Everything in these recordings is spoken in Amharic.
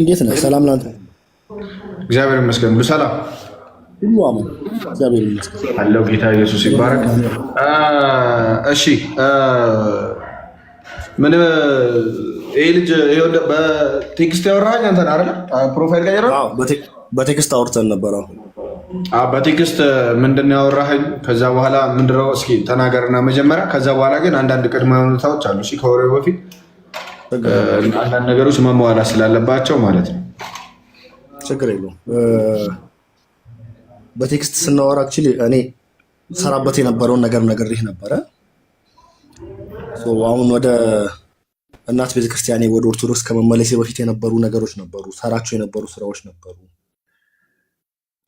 እንዴት ነህ? ሰላም ላንተ። እግዚአብሔር ይመስገን ሁሉ ሰላም ሁሉ አማን። እግዚአብሔር ይመስገን አለው። ጌታ ኢየሱስ ይባረክ። እሺ ምን ይሄ ልጅ በቴክስት ያወራኸኝ አንተን አይደለ? ፕሮፋይል ቀይረህ? በቴክስት አውርተን ነበረ። በቴክስት ምንድን ነው ያወራኸኝ? ከዛ በኋላ ምንድነው እስኪ ተናገርና መጀመሪያ። ከዛ በኋላ ግን አንዳንድ ቅድመ ሁኔታዎች አሉ ከወሬው በፊት አንዳንድ ነገሮች መሟላት ስላለባቸው ማለት ነው። ችግር የለውም። በቴክስት ስናወራ አክቹዋሊ እኔ ሰራበት የነበረውን ነገር ነግሬህ ነበረ። አሁን ወደ እናት ቤተክርስቲያኔ ወደ ኦርቶዶክስ ከመመለሴ በፊት የነበሩ ነገሮች ነበሩ፣ ሰራቸው የነበሩ ስራዎች ነበሩ።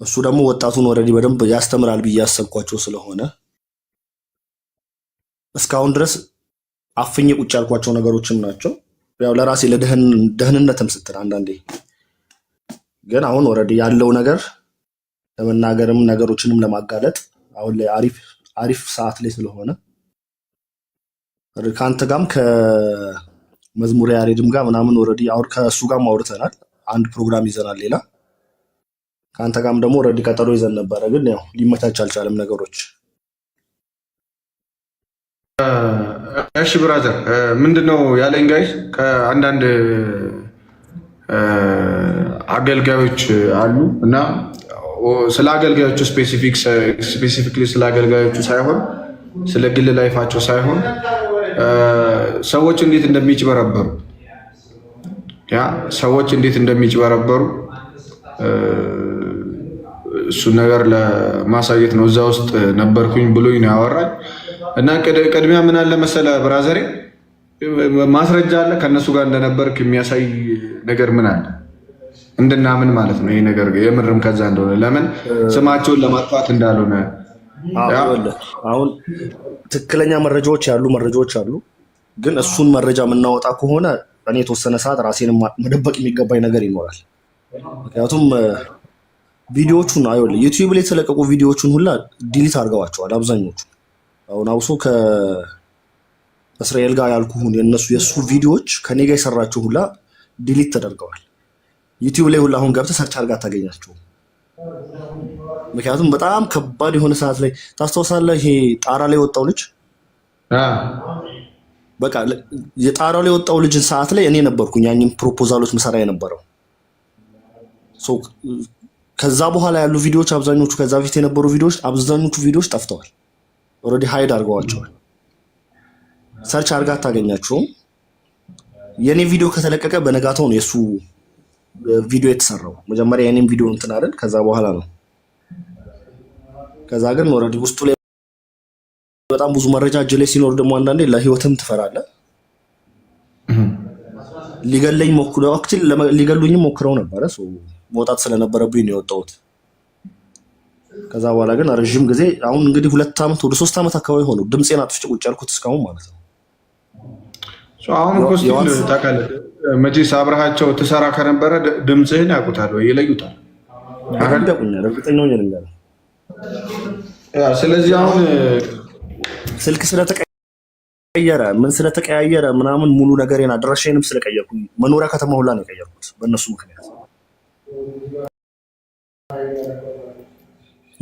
እሱ ደግሞ ወጣቱን ወረዲ በደንብ ያስተምራል ብዬ ያሰብኳቸው ስለሆነ እስካሁን ድረስ አፍኜ ቁጭ ያልኳቸው ነገሮችም ናቸው። ያው ለራሴ ለደህንነትም ስትል አንዳንዴ ግን አሁን ወረድ ያለው ነገር ለመናገርም ነገሮችንም ለማጋለጥ አሁን ላይ አሪፍ አሪፍ ሰዓት ላይ ስለሆነ ከአንተ ጋም ከመዝሙር ያሬድም ጋር ምናምን ወረድ ከእሱ ጋም አውርተናል። አንድ ፕሮግራም ይዘናል ሌላ ከአንተ ጋም ደግሞ ወረድ ቀጠሮ ይዘን ነበረ፣ ግን ያው ሊመቻች አልቻለም ነገሮች እሺ ብራዘር ምንድነው ያለኝ ጋይስ ከአንዳንድ አገልጋዮች አሉ እና ስለ አገልጋዮቹ ስፔሲፊክሊ ስለ አገልጋዮቹ ሳይሆን ስለ ግል ላይፋቸው ሳይሆን ሰዎች እንዴት እንደሚጭበረበሩ ያ ሰዎች እንዴት እንደሚጭበረበሩ እሱ ነገር ለማሳየት ነው። እዛ ውስጥ ነበርኩኝ ብሎኝ ነው ያወራኝ። እና ቅድሚያ ምን አለ መሰለ ብራዘሬ ማስረጃ አለ ከእነሱ ጋር እንደነበርክ የሚያሳይ ነገር ምን አለ እንድናምን ማለት ነው። ይሄ ነገር የምርም ከዛ እንደሆነ ለምን ስማቸውን ለማጥፋት እንዳልሆነ አሁን ትክክለኛ መረጃዎች ያሉ መረጃዎች አሉ። ግን እሱን መረጃ የምናወጣ ከሆነ እኔ የተወሰነ ሰዓት ራሴን መደበቅ የሚገባኝ ነገር ይኖራል። ምክንያቱም ቪዲዮቹን አይወል ዩቲዩብ ላይ የተለቀቁ ቪዲዮዎቹን ሁላ ዲሊት አድርገዋቸዋል አብዛኞቹ አሁን አውሶ ከእስራኤል ጋር ያልኩሁን የነሱ የእሱ ቪዲዮዎች ከኔ ጋር የሰራቸው ሁላ ዲሊት ተደርገዋል። ዩቲዩብ ላይ ሁላ አሁን ገብተህ ሰርች አድርጋ አታገኛቸውም። ምክንያቱም በጣም ከባድ የሆነ ሰዓት ላይ ታስታውሳለህ፣ ይሄ ጣራ ላይ የወጣው ልጅ በቃ የጣራ ላይ የወጣው ልጅን ሰዓት ላይ እኔ ነበርኩኝ ያኝም ፕሮፖዛሎች መሰራ የነበረው ከዛ በኋላ ያሉ ቪዲዮዎች አብዛኞቹ ከዛ በፊት የነበሩ ቪዲዮዎች አብዛኞቹ ቪዲዮዎች ጠፍተዋል። ኦልሬዲ ሀይድ አድርገዋቸዋል። ሰርች አድርጋ አታገኛችሁም። የኔ ቪዲዮ ከተለቀቀ በነጋታው ነው የእሱ ቪዲዮ የተሰራው። መጀመሪያ የኔም ቪዲዮ እንትን አይደል፣ ከዛ በኋላ ነው። ከዛ ግን ኦልሬዲ ውስጡ ላይ በጣም ብዙ መረጃ እጅ ላይ ሲኖር ደግሞ አንዳንዴ ለህይወትም ትፈራለህ። ሊገለኝ ሞክረው ሊገሉኝም ሞክረው ነበረ። መውጣት ስለነበረብኝ ነው የወጣሁት። ከዛ በኋላ ግን ረዥም ጊዜ አሁን እንግዲህ ሁለት ዓመት ወደ ሶስት ዓመት አካባቢ ሆነው ድምፄን አጥፍቼ ቁጭ ያልኩት እስካሁን ማለት ነው። አሁን እኮ ታውቃለህ መቼስ አብረሃቸው ትሰራ ከነበረ ድምፅህን ያውቁታል ወይ ይለዩታል። እርግጠኛ ሆኜ ስለዚህ አሁን ስልክ ስለተቀየረ ምን ስለተቀያየረ ምናምን ሙሉ ነገሬን አድራሻዬንም ስለቀየርኩ መኖሪያ ከተማ ሁላ ነው የቀየርኩት በእነሱ ምክንያት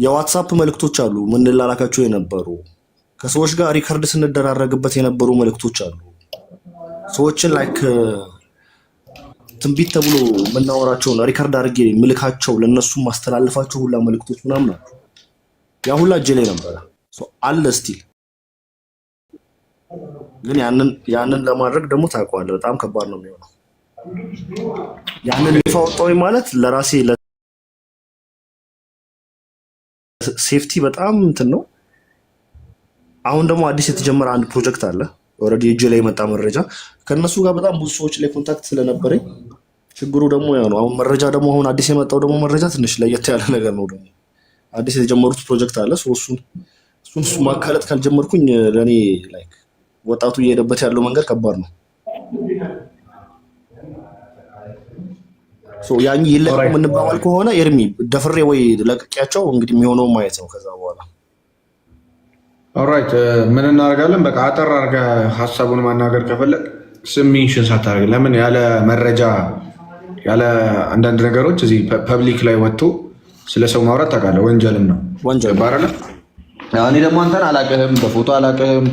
የዋትሳፕ መልእክቶች አሉ ምንላላካቸው የነበሩ ከሰዎች ጋር ሪከርድ ስንደራረግበት የነበሩ መልእክቶች አሉ። ሰዎችን ላይክ ትንቢት ተብሎ የምናወራቸውን ሪከርድ አድርጌ ምልካቸው ለእነሱ ማስተላለፋቸው ሁላ መልእክቶች ምናምን አሉ። ያ ሁላ እጄ ላይ ነበረ አለ ስቲል። ግን ያንን ለማድረግ ደግሞ ታውቀዋለህ፣ በጣም ከባድ ነው የሚሆነው። ያንን ይፋ ወጣሁኝ ማለት ለራሴ ሴፍቲ በጣም እንትን ነው። አሁን ደግሞ አዲስ የተጀመረ አንድ ፕሮጀክት አለ። ኦልሬዲ እጅ ላይ የመጣ መረጃ ከእነሱ ጋር በጣም ብዙ ሰዎች ላይ ኮንታክት ስለነበረኝ ችግሩ ደግሞ ያው ነው። አሁን መረጃ ደግሞ አሁን አዲስ የመጣው ደግሞ መረጃ ትንሽ ለየት ያለ ነገር ነው። ደግሞ አዲስ የተጀመሩት ፕሮጀክት አለ። እሱን እሱን እሱ ማካለጥ ካልጀመርኩኝ ለእኔ ላይክ ወጣቱ እየሄደበት ያለው መንገድ ከባድ ነው። ያን ይለቀቁ የምንባባል ከሆነ ኤርሚ ደፍሬ ወይ ለቅቄያቸው እንግዲህ የሚሆነው ማየት ነው። ከዛ በኋላ ኦራይት ምን እናደርጋለን? በቃ አጠር አርገ ሀሳቡን ማናገር ከፈለግ ስሚንሽን ሳታደርግ ለምን ያለ መረጃ ያለ አንዳንድ ነገሮች እዚህ ፐብሊክ ላይ ወጥቶ ስለ ሰው ማውራት ታውቃለህ፣ ወንጀልም ነው ባረለ። እኔ ደግሞ አንተን አላቅህም፣ በፎቶ አላቅህም፣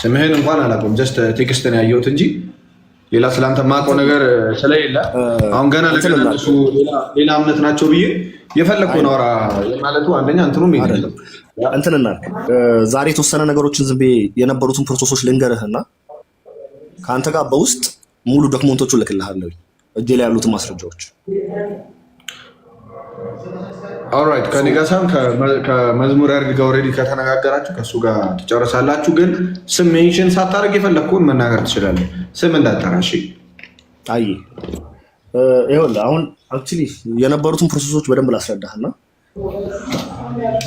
ስምህን እንኳን አላቅም። ጀስት ቴክስትን ያየሁት እንጂ ሌላ ስለአንተ የማውቀው ነገር ስለሌለ አሁን ገና ለገና ሌላ እምነት ናቸው ብዬ የፈለግኩን አውራ ማለቱ አንደኛ እንትኑም ይለም እንትንና ዛሬ የተወሰነ ነገሮችን ዝም ብዬ የነበሩትን ፕሮሰሶች ልንገርህና ከአንተ ጋር በውስጥ ሙሉ ዶክመንቶቹ እልክልሃለሁ፣ እጄ ላይ ያሉትን ማስረጃዎች። ኦልራይት ከኔ ጋር ሳይሆን ከመዝሙር ያርግ ጋር ኦልሬዲ ከተነጋገራችሁ ከእሱ ጋር ትጨርሳላችሁ። ግን ስም ሜንሽን ሳታደርግ የፈለግኩን መናገር ትችላለህ። ስም እንዳጠራሽ አይ ይኸውልህ አሁን አክቹዋሊ የነበሩትን ፕሮሰሶች በደንብ ላስረዳህና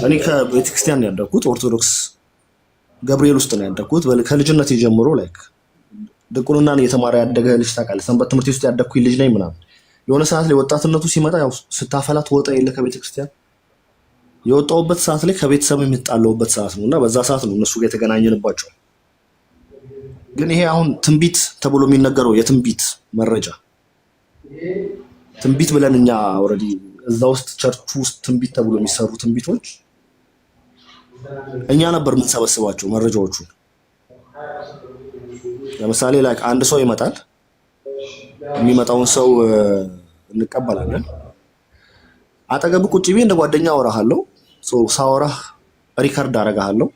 እኔ ከቤተክርስቲያን ያደግኩት ኦርቶዶክስ ገብርኤል ውስጥ ነው ያደግኩት። ከልጅነት ጀምሮ ላይክ ድቁንና እየተማረ ያደገ ልጅ ታውቃለህ። ሰንበት ትምህርት ውስጥ ያደግኩኝ ልጅ ነኝ ምናምን። የሆነ ሰዓት ላይ ወጣትነቱ ሲመጣ ያው ስታፈላት ወጣ የለ ከቤተክርስቲያን የወጣውበት ሰዓት ላይ ከቤተሰብ የሚጣለውበት ሰዓት ነው እና በዛ ሰዓት ነው እነሱ ጋር የተገናኘንባቸው ግን ይሄ አሁን ትንቢት ተብሎ የሚነገረው የትንቢት መረጃ ትንቢት ብለን እኛ ኦልሬዲ እዛ ውስጥ ቸርቹ ውስጥ ትንቢት ተብሎ የሚሰሩ ትንቢቶች እኛ ነበር የምንሰበስባቸው መረጃዎቹ ለምሳሌ ላይክ አንድ ሰው ይመጣል። የሚመጣውን ሰው እንቀበላለን። አጠገብ ቁጭ ብዬ እንደ ጓደኛ አወራሃለሁ። ሳወራህ ሪከርድ አደርግሃለሁ።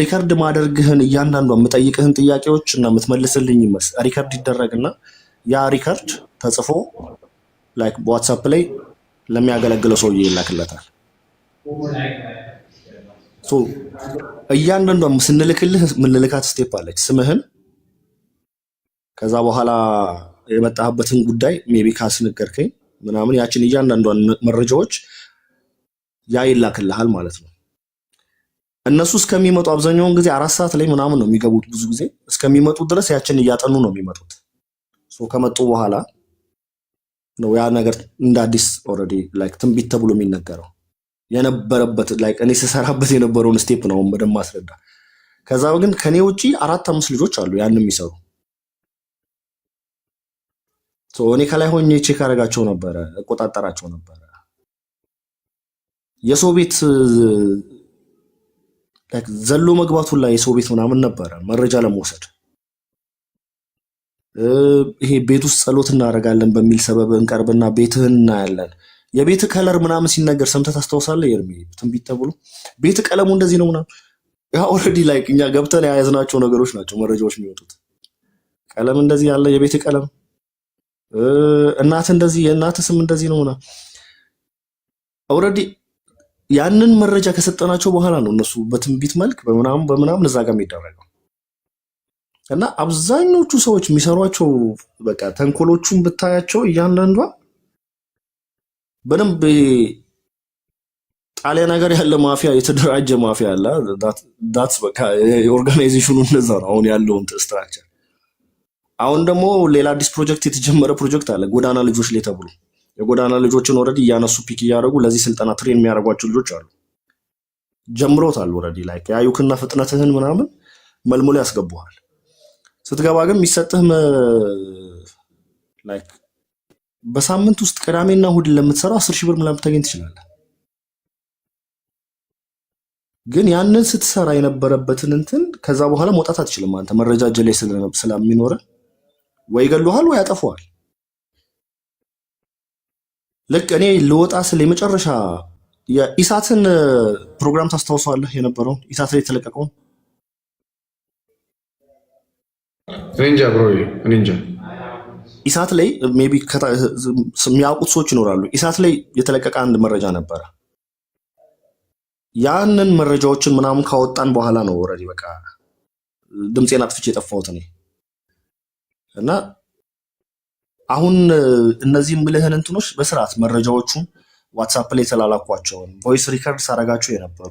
ሪከርድ ማደርግህን እያንዳንዷ የምጠይቅህን ጥያቄዎች እና የምትመልስልኝ መስ ሪከርድ ይደረግና ያ ሪከርድ ተጽፎ ላይክ በዋትሳፕ ላይ ለሚያገለግለው ሰውዬ ይላክለታል። እያንዳንዷ ስንልክልህ ምንልካት ስቴፕ አለች። ስምህን ከዛ በኋላ የመጣህበትን ጉዳይ ሜቢ ካስነገርከኝ ምናምን ያችን እያንዳንዷን መረጃዎች ያ ይላክልሃል ማለት ነው። እነሱ እስከሚመጡ አብዛኛውን ጊዜ አራት ሰዓት ላይ ምናምን ነው የሚገቡት። ብዙ ጊዜ እስከሚመጡ ድረስ ያችን እያጠኑ ነው የሚመጡት። ከመጡ በኋላ ነው ያ ነገር እንደ አዲስ ኦልሬዲ ላይክ ትንቢት ተብሎ የሚነገረው የነበረበት ላይክ እኔ ስሰራበት የነበረውን ስቴፕ ነው በደንብ ማስረዳ። ከዛ ግን ከኔ ውጪ አራት አምስት ልጆች አሉ ያን የሚሰሩ እኔ ከላይ ሆኜ ቼክ አደርጋቸው ነበረ፣ እቆጣጠራቸው ነበረ የሰው ቤት ዘሎ መግባቱ ላይ የሰው ቤት ምናምን ነበረ መረጃ ለመውሰድ ይሄ ቤት ውስጥ ጸሎት እናደርጋለን በሚል ሰበብ እንቀርብና ቤትህን እናያለን። የቤት ከለር ምናምን ሲነገር ሰምተህ ታስታውሳለህ? የእድሜ ትንቢት ተብሎ ቤት ቀለሙ እንደዚህ ነው ምናምን ያ ኦልሬዲ ላይክ እኛ ገብተን የያዝናቸው ነገሮች ናቸው መረጃዎች የሚወጡት። ቀለም እንደዚህ ያለ የቤት ቀለም እናት እንደዚህ የእናት ስም እንደዚህ ነው ምናምን ኦልሬዲ ያንን መረጃ ከሰጠናቸው በኋላ ነው እነሱ በትንቢት መልክ በምናምን በምናም እዛ ጋር የሚደረገው እና አብዛኞቹ ሰዎች የሚሰሯቸው በቃ ተንኮሎቹን ብታያቸው እያንዳንዷ በደንብ ጣሊያን ሀገር ያለ ማፊያ የተደራጀ ማፊያ አለ። ዳትስ በቃ ኦርጋናይዜሽኑ እነዛ ነው። አሁን ያለውን ስትራክቸር አሁን ደግሞ ሌላ አዲስ ፕሮጀክት የተጀመረ ፕሮጀክት አለ ጎዳና ልጆች ላይ ተብሎ የጎዳና ልጆችን ወረድ እያነሱ ፒክ እያደረጉ ለዚህ ስልጠና ትሬን የሚያደርጓቸው ልጆች አሉ። ጀምሮታል። ወረድ ላይ ያዩክና ፍጥነትህን ምናምን መልምሎ ያስገቡሃል። ስትገባ ግን የሚሰጥህ ላይክ በሳምንት ውስጥ ቅዳሜና እሁድን ለምትሰራው አስር ሺህ ብር ምናምን ታገኝ ትችላለህ። ግን ያንን ስትሰራ የነበረበትን እንትን ከዛ በኋላ መውጣት አትችልም። አንተ መረጃጀ ላይ ስለሚኖረ ወይ ይገሉሃል ወይ ያጠፈዋል። ልክ እኔ ልወጣ ስል የመጨረሻ የኢሳትን ፕሮግራም ታስታውሰዋለህ? የነበረውን ኢሳት ላይ የተለቀቀውን እንጃ ብሮ እንጃ ኢሳት ላይ ሜይ ቢ የሚያውቁት ሰዎች ይኖራሉ። ኢሳት ላይ የተለቀቀ አንድ መረጃ ነበረ። ያንን መረጃዎችን ምናምን ካወጣን በኋላ ነው ወረ በቃ ድምፄን አጥፍቼ የጠፋሁት እኔ እና አሁን እነዚህ የምልህን እንትኖች በስርዓት መረጃዎቹን ዋትሳፕ ላይ የተላላኳቸውን ቮይስ ሪከርድ ሳረጋቸው የነበሩ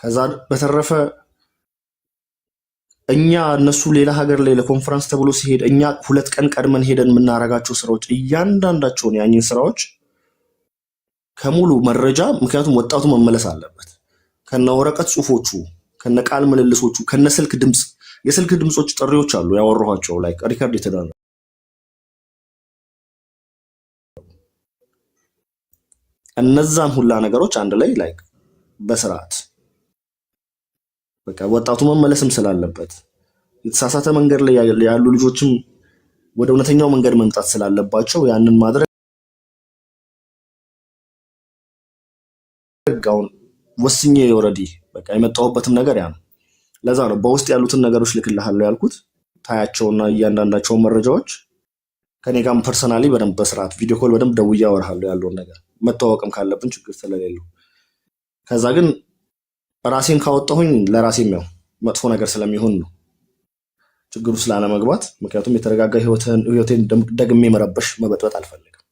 ከዛ በተረፈ እኛ እነሱ ሌላ ሀገር ላይ ለኮንፈረንስ ተብሎ ሲሄድ እኛ ሁለት ቀን ቀድመን ሄደን የምናረጋቸው ስራዎች እያንዳንዳቸውን ያኝን ስራዎች ከሙሉ መረጃ ምክንያቱም ወጣቱ መመለስ አለበት ከነ ወረቀት ጽሁፎቹ ከነ ቃል ምልልሶቹ ከነ ስልክ ድምፅ የስልክ ድምፆች ጥሪዎች አሉ ያወራኋቸው ላይ ሪከርድ የተደረገ እነዛን ሁላ ነገሮች አንድ ላይ ላይክ በስርዓት በቃ ወጣቱ መመለስም ስላለበት የተሳሳተ መንገድ ላይ ያሉ ልጆችም ወደ እውነተኛው መንገድ መምጣት ስላለባቸው ያንን ማድረግ አሁን ወስኜ ኦልሬዲ በቃ የመጣሁበትም ነገር ያ ነው። ለዛ ነው በውስጥ ያሉትን ነገሮች ልክልሃለሁ ያልኩት። ታያቸውና እያንዳንዳቸውን መረጃዎች ከኔ ጋርም ፐርሰናሊ በደንብ በስርዓት ቪዲዮ ኮል በደንብ ደውዬ አወራሃለሁ ያለውን ነገር መተዋወቅም ካለብን ችግር ስለሌለው ከዛ ግን ራሴን ካወጣሁኝ ለራሴም ያው መጥፎ ነገር ስለሚሆን ነው ችግሩ ስላለመግባት። ምክንያቱም የተረጋጋ ህይወቴን ደግሜ መረበሽ መበጥበጥ አልፈልግም።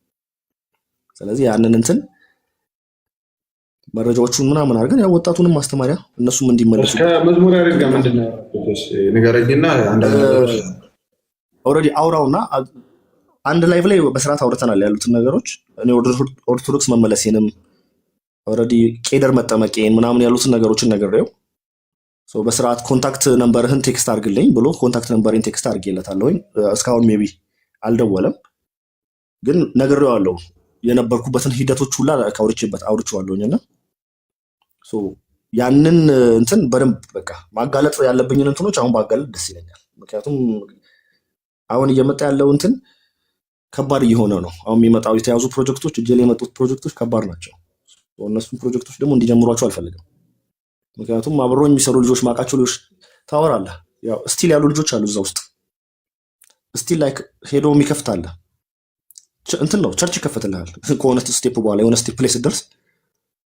ስለዚህ ያንን እንትን መረጃዎቹን ምናምን አድርገን ያው ወጣቱንም ማስተማሪያ እነሱም እንዲመለሱ ከመዝሙር ያሬድ ጋር ምንድን ነው ንገረኝና ኦልሬዲ አውራውና አንድ ላይቭ ላይ በስርዓት አውርተናል ያሉትን ነገሮች እኔ ኦርቶዶክስ መመለሴንም ኦልሬዲ ቄደር መጠመቄን ምናምን ያሉትን ነገሮችን ነግሬው በስርዓት ኮንታክት ነንበርህን ቴክስት አድርግልኝ ብሎ ኮንታክት ነንበርን ቴክስት አድርጌለታለሁኝ። እስካሁን ሜቢ አልደወለም፣ ግን ነግሬዋለሁ። የነበርኩበትን ሂደቶች ሁላ ከአውርቼበት አውርቼዋለሁኝ እና ያንን እንትን በደንብ በቃ ማጋለጥ ያለብኝን እንትኖች አሁን ባጋለጥ ደስ ይለኛል። ምክንያቱም አሁን እየመጣ ያለው እንትን ከባድ እየሆነ ነው። አሁን የሚመጣው የተያዙ ፕሮጀክቶች እጄ ላይ የመጡት ፕሮጀክቶች ከባድ ናቸው። እነሱም ፕሮጀክቶች ደግሞ እንዲጀምሯቸው አልፈልግም። ምክንያቱም አብሮ የሚሰሩ ልጆች ማቃቸው ልጆች ታወራለህ። ያው ስቲል ያሉ ልጆች አሉ እዛ ውስጥ ስቲል ላይክ ሄዶ የሚከፍት አለ እንትን ነው ቸርች ይከፈትልሃል። ከሆነ ስቴፕ በኋላ የሆነ ስቴፕ ላይ ስደርስ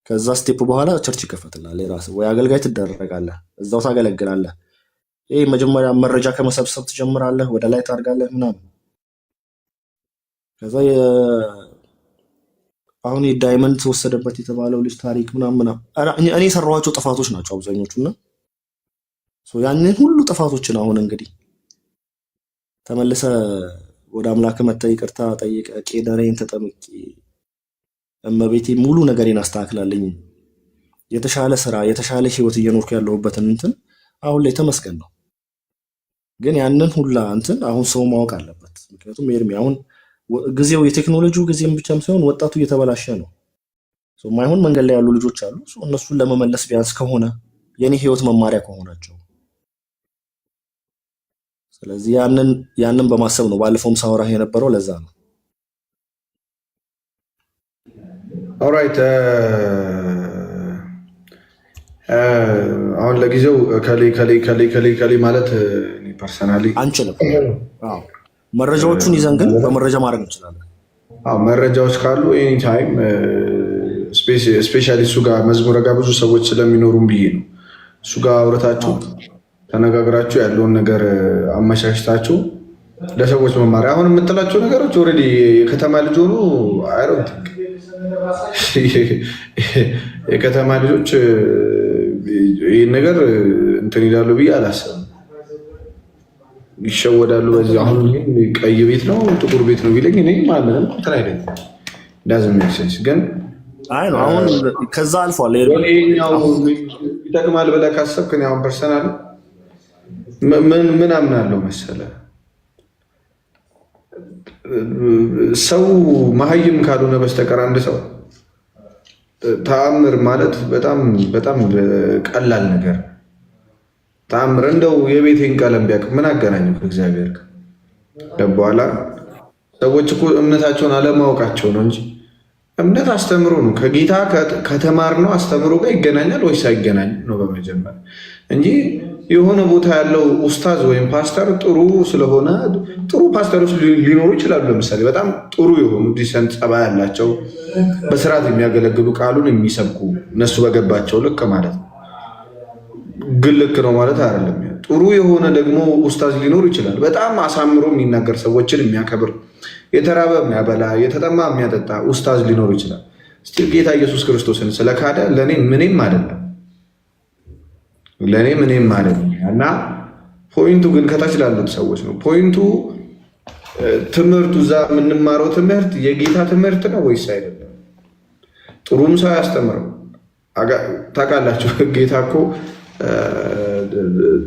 ከዛ ስቴፕ በኋላ ቸርች ይከፈትልሃል። የራስ ወይ አገልጋይ ትደረጋለህ፣ እዛው ታገለግላለህ። ይህ መጀመሪያ መረጃ ከመሰብሰብ ትጀምራለህ፣ ወደ ላይ ታርጋለህ ምናምን ከዛ አሁን ዳይመንድ ተወሰደበት የተባለው ልጅ ታሪክ ምናምን እኔ የሰራኋቸው ጥፋቶች ናቸው አብዛኞቹ እና ያንን ሁሉ ጥፋቶችን አሁን እንግዲህ ተመልሰ ወደ አምላክ መተ ይቅርታ ጠይቀ ቄደሬን ተጠምቄ እመቤቴ ሙሉ ነገሬን አስተካክላለኝ የተሻለ ስራ የተሻለ ህይወት እየኖርኩ ያለሁበትን እንትን አሁን ላይ ተመስገን ነው። ግን ያንን ሁላ እንትን አሁን ሰው ማወቅ አለበት። ምክንያቱም ኤርሚ አሁን ጊዜው የቴክኖሎጂው ጊዜም ብቻም ሳይሆን ወጣቱ እየተበላሸ ነው። ማይሆን መንገድ ላይ ያሉ ልጆች አሉ። እነሱን ለመመለስ ቢያንስ ከሆነ የኔ ህይወት መማሪያ ከሆናቸው ስለዚህ ያንን ያንን በማሰብ ነው ባለፈውም ሳወራህ የነበረው ለዛ ነው። ኦራይት uh, uh, አሁን ለጊዜው ከሌ ከሌ ከሌ ከሌ ማለት ፐርሰናሊ uh, አንችልም። መረጃዎቹን ይዘን ግን በመረጃ ማድረግ እንችላለን። መረጃዎች ካሉ ታይም ስፔሻሊ እሱ ጋር መዝሙረ ጋር ብዙ ሰዎች ስለሚኖሩም ብዬ ነው። እሱ ጋር አውረታችሁ ተነጋግራችሁ ያለውን ነገር አመቻችታችሁ ለሰዎች መማሪያ አሁን የምትላቸው ነገሮች ኦልሬዲ የከተማ ልጅ ሆኑ የከተማ ልጆች ይህን ነገር እንትን ይላሉ ብዬ አላሰብም። ይሸወዳሉ። በዚህ አሁን ቀይ ቤት ነው ጥቁር ቤት ነው ቢለኝ እኔ ማለም እንትን አይደለም ዳዝም ግን አሁን ከዛ አልፏል። ይጠቅማል ብለህ ካሰብክ እኔ አሁን ፐርሰናል ምን አምናለሁ መሰለህ ሰው መሀይም ካልሆነ በስተቀር አንድ ሰው ተአምር ማለት በጣም በጣም ቀላል ነገር ታምር እንደው የቤቴን ቀለም ቢያቅ ምን አገናኘው ከእግዚአብሔር ጋር? በኋላ ሰዎች እኮ እምነታቸውን አለማወቃቸው ነው እንጂ እምነት አስተምሮ ነው። ከጌታ ከተማርነው አስተምሮ ጋር ይገናኛል ወይስ አይገናኝ ነው በመጀመር እንጂ የሆነ ቦታ ያለው ኡስታዝ ወይም ፓስተር ጥሩ ስለሆነ ጥሩ ፓስተሮች ሊኖሩ ይችላሉ። ለምሳሌ በጣም ጥሩ የሆኑ ዲሰንት ጸባይ ያላቸው በስርዓት የሚያገለግሉ ቃሉን የሚሰብኩ እነሱ በገባቸው ልክ ማለት ነው። ግልክ ነው ማለት አይደለም። ጥሩ የሆነ ደግሞ ኡስታዝ ሊኖር ይችላል። በጣም አሳምሮ የሚናገር ሰዎችን የሚያከብር የተራበ የሚያበላ የተጠማ የሚያጠጣ ኡስታዝ ሊኖር ይችላል። ጌታ ኢየሱስ ክርስቶስን ስለካደ ለእኔ ምንም አይደለም፣ ለእኔ ምንም አይደለም። እና ፖይንቱ ግን ከታች ላሉት ሰዎች ነው። ፖይንቱ ትምህርቱ እዛ የምንማረው ትምህርት የጌታ ትምህርት ነው ወይስ አይደለም? ጥሩም ሰው ያስተምረው ታውቃላችሁ። ጌታ እኮ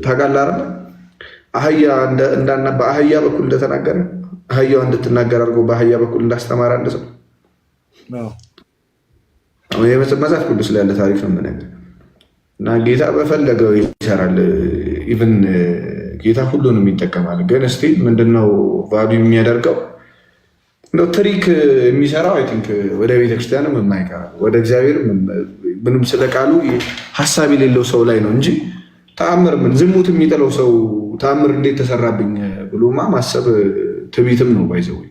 ታጋላር አህያ በአህያ በኩል እንደተናገረ አህያዋ እንድትናገር አድርጎ በአህያ በኩል እንዳስተማረ አንድ ሰው መጽሐፍ ቅዱስ ላይ ያለ ታሪክ ነው የምነግርህ። እና ጌታ በፈለገው ይሰራል። ኢቭን ጌታ ሁሉንም ይጠቀማል። ግን እስቲ ምንድነው ቫሉ የሚያደርገው እንደው ትሪክ የሚሰራው አይ ቲንክ ወደ ቤተክርስቲያንም የማይቀር ወደ እግዚአብሔርም ምንም ስለ ቃሉ ሀሳብ የሌለው ሰው ላይ ነው እንጂ ተአምር ምን ዝሙት የሚጠለው ሰው ተአምር እንዴት ተሰራብኝ ብሎማ ማሰብ ትቢትም ነው። ባይዘወይ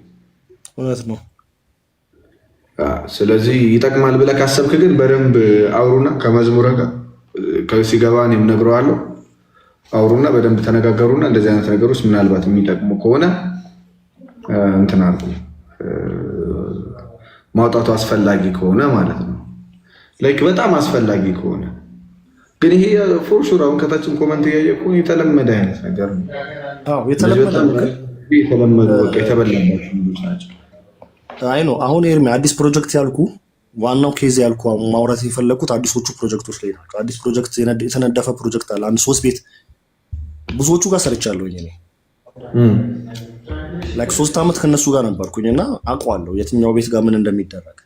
እውነት ነው። ስለዚህ ይጠቅማል ብለህ ካሰብክ ግን በደንብ አውሩና ከመዝሙረ ጋር ከሲገባ እኔም ነግረዋለሁ። አውሩና በደንብ ተነጋገሩና እንደዚህ አይነት ነገር ውስጥ ምናልባት የሚጠቅሙ ከሆነ እንትን አድርጉ ማውጣቱ አስፈላጊ ከሆነ ማለት ነው። ላይክ በጣም አስፈላጊ ከሆነ ግን ይሄ ፎር ሹር አሁን ከታችን ኮመንት እያየ ከሆነ የተለመደ አይነት ነገር ነው። የተለመዱ በቃ የተበላባቸው ልጆች ናቸው። አይ ነው አሁን ኤርሚ አዲስ ፕሮጀክት ያልኩ ዋናው ኬዝ ያልኩ ማውራት የፈለግኩት አዲሶቹ ፕሮጀክቶች ላይ ናቸው። አዲስ ፕሮጀክት የተነደፈ ፕሮጀክት አለ። አንድ ሶስት ቤት ብዙዎቹ ጋር ሰርቻለሁኝ እኔ ላይክ ሶስት ዓመት ከነሱ ጋር ነበርኩኝ እና አውቀዋለሁ የትኛው ቤት ጋር ምን እንደሚደረግ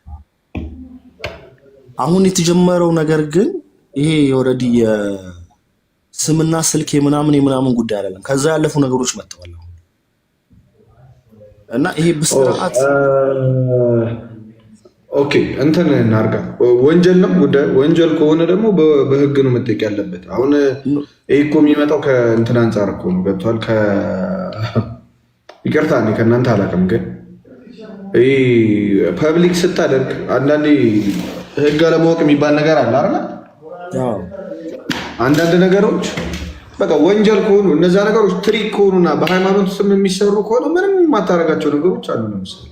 አሁን የተጀመረው ነገር ግን ይሄ ኦልሬዲ የስምና ስልክ የምናምን የምናምን ጉዳይ አይደለም። ከዛ ያለፉ ነገሮች መጥተዋል እና ይሄ በስርዓት ኦኬ እንትን እናርጋ። ወንጀል ነው ጉዳይ። ወንጀል ከሆነ ደግሞ በህግ ነው መጠየቅ ያለበት። አሁን ይህ እኮ የሚመጣው ከእንትን አንጻር እኮ ነው። ገብቷል። ይቅርታ ከእናንተ አላውቅም ግን ፐብሊክ ስታደርግ አንዳንዴ ህግ አለማወቅ የሚባል ነገር አለ አይደል? አንዳንድ ነገሮች በቃ ወንጀል ከሆኑ እነዛ ነገሮች ትሪክ ከሆኑና በሃይማኖት ስም የሚሰሩ ከሆነ ምንም የማታረጋቸው ነገሮች አሉ። ለምሳሌ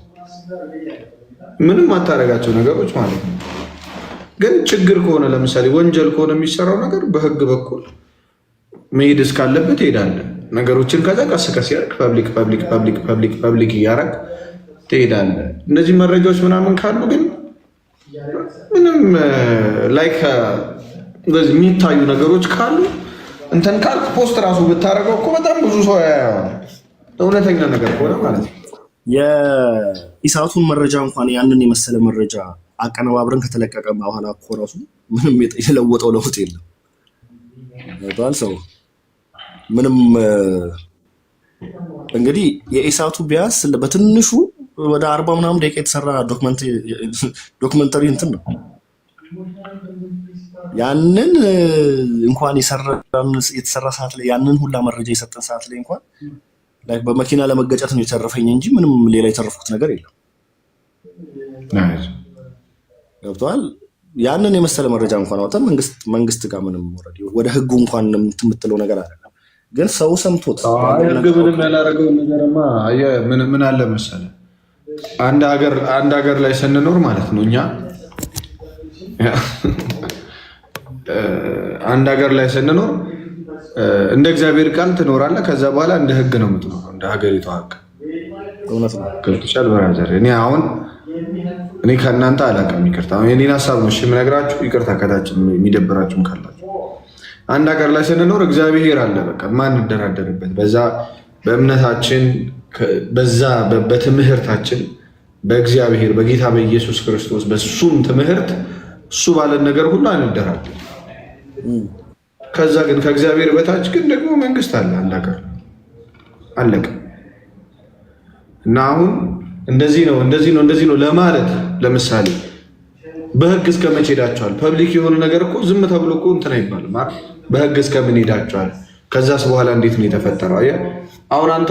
ምንም የማታረጋቸው ነገሮች ማለት ነው። ግን ችግር ከሆነ ለምሳሌ ወንጀል ከሆነ የሚሰራው ነገር በህግ በኩል መሄድ እስካለበት ይሄዳል። ነገሮችን ከዛ ቀስ ቀስ ያደርግ ፐብሊክ ፐብሊክ ፐብሊክ ፐብሊክ ፐብሊክ እያረግ ትሄዳለ እነዚህ መረጃዎች ምናምን ካሉ ግን ምንም ላይክ በዚህ የሚታዩ ነገሮች ካሉ እንትን ካልክ ፖስት ራሱ ብታደርገው እኮ በጣም ብዙ ሰው እውነተኛ ነገር ከሆነ ማለት ነው። የኢሳቱን መረጃ እንኳን ያንን የመሰለ መረጃ አቀነባብረን ከተለቀቀ በኋላ እኮ ራሱ ምንም የለወጠው ለውጥ የለም። በጣም ሰው ምንም እንግዲህ የኢሳቱ ቢያንስ በትንሹ ወደ አርባ ምናምን ደቂቃ የተሰራ ዶክመንተሪ እንትን ነው። ያንን እንኳን የተሰራ ሰዓት ላይ ያንን ሁላ መረጃ የሰጠን ሰዓት ላይ እንኳን በመኪና ለመገጨት ነው የተረፈኝ እንጂ ምንም ሌላ የተረፍኩት ነገር የለም። ገብተዋል። ያንን የመሰለ መረጃ እንኳን አውጥተን መንግስት ጋር ምንም ወረድ ወደ ህጉ እንኳን የምትለው ነገር አይደለም። ግን ሰው ሰምቶት ህግ ምንም ያላረገው ነገርማ ምን አለ መሰለህ አንድ ሀገር አንድ ሀገር ላይ ስንኖር ማለት ነው እኛ አንድ ሀገር ላይ ስንኖር እንደ እግዚአብሔር ቃል ትኖራለህ። ከዛ በኋላ እንደ ህግ ነው የምትኖረው፣ እንደ ሀገሪቱ ህግ። እውነት ነው። ገብቶሻል ብራዘር? እኔ አሁን እኔ ከእናንተ አላውቅም፣ ይቅርታ። የኔን ሀሳብ ነው የምነግራችሁ፣ ይቅርታ። ከታች የሚደብራችሁም ካላችሁ አንድ ሀገር ላይ ስንኖር እግዚአብሔር አለ፣ በቃ ማን ማንደራደርበት በዛ በእምነታችን በዛ በትምህርታችን በእግዚአብሔር በጌታ በኢየሱስ ክርስቶስ በሱም ትምህርት እሱ ባለን ነገር ሁሉ አንደራለን። ከዛ ግን ከእግዚአብሔር በታች ግን ደግሞ መንግስት አለ አላቀር አለቀ እና አሁን እንደዚህ ነው እንደዚህ ነው እንደዚህ ነው ለማለት ለምሳሌ በህግ እስከ ሄዳቸዋል? ፐብሊክ የሆነ ነገር እኮ ዝም ተብሎ እኮ እንትን አይባልም። በህግ እስከ ምን ሄዳቸዋል? ከዛስ በኋላ እንዴት ነው የተፈጠረው? አሁን አንተ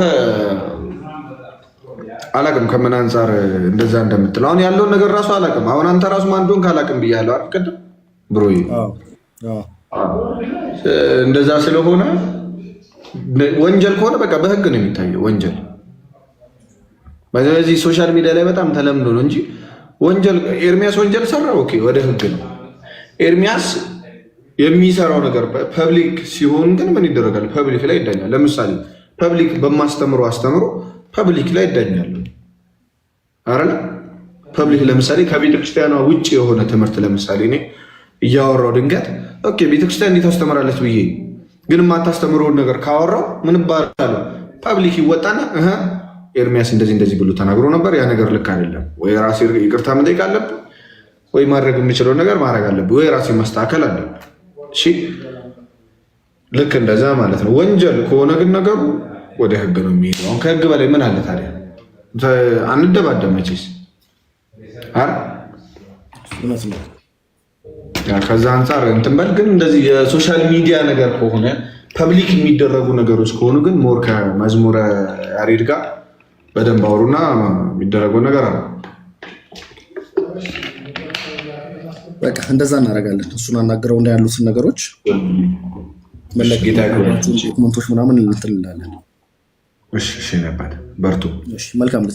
አላቅም ከምን አንጻር እንደዛ እንደምትለው አሁን ያለውን ነገር ራሱ አላቅም። አሁን አንተ ራሱ ማን እንደሆንክ አላቅም ብያለሁ አይደል? ቅድም እንደዛ ስለሆነ ወንጀል ከሆነ በቃ በህግ ነው የሚታየው ወንጀል። በዚህ ሶሻል ሚዲያ ላይ በጣም ተለምዶ ነው እንጂ ወንጀል ኤርሚያስ ወንጀል ሰራ፣ ኦኬ ወደ ህግ ነው ኤርሚያስ የሚሰራው ነገር። ፐብሊክ ሲሆን ግን ምን ይደረጋል? ፐብሊክ ላይ ይዳኛል። ለምሳሌ ፐብሊክ በማስተምሮ አስተምሮ ፐብሊክ ላይ ይዳኛሉ። አረለ ፐብሊክ ለምሳሌ ከቤተክርስቲያኗ ውጭ የሆነ ትምህርት ለምሳሌ እኔ እያወራው ድንገት ኦኬ ቤተክርስቲያን እንዴት ታስተምራለች ብዬ ግን የማታስተምረውን ነገር ካወራው ምን ባላለ ፐብሊክ ይወጣና ኤርሚያስ እንደዚህ እንደዚህ ብሎ ተናግሮ ነበር፣ ያ ነገር ልክ አይደለም፣ ወይ ራሴ ይቅርታ መጠየቅ አለብህ፣ ወይ ማድረግ የምችለውን ነገር ማድረግ አለብህ፣ ወይ ራሴ ማስተካከል አለብህ። ልክ እንደዛ ማለት ነው። ወንጀል ከሆነ ግን ነገሩ ወደ ህግ ነው የሚሄደው። አሁን ከህግ በላይ ምን አለ ታዲያ? አንደባደብ መቼስ ከዛ አንጻር እንትን በል ግን እንደዚህ የሶሻል ሚዲያ ነገር ከሆነ ፐብሊክ የሚደረጉ ነገሮች ከሆኑ ግን ሞር ከመዝሙረ ያሬድ ጋር በደንብ አውሩና የሚደረገው ነገር አለ። በቃ እንደዛ እናደርጋለን። እሱን አናግረው እና ያሉትን ነገሮች መለጌታ ኮመንቶች ምናምን እንትን እንላለን። እሺ ነበር። በርቱ። መልካም ጊዜ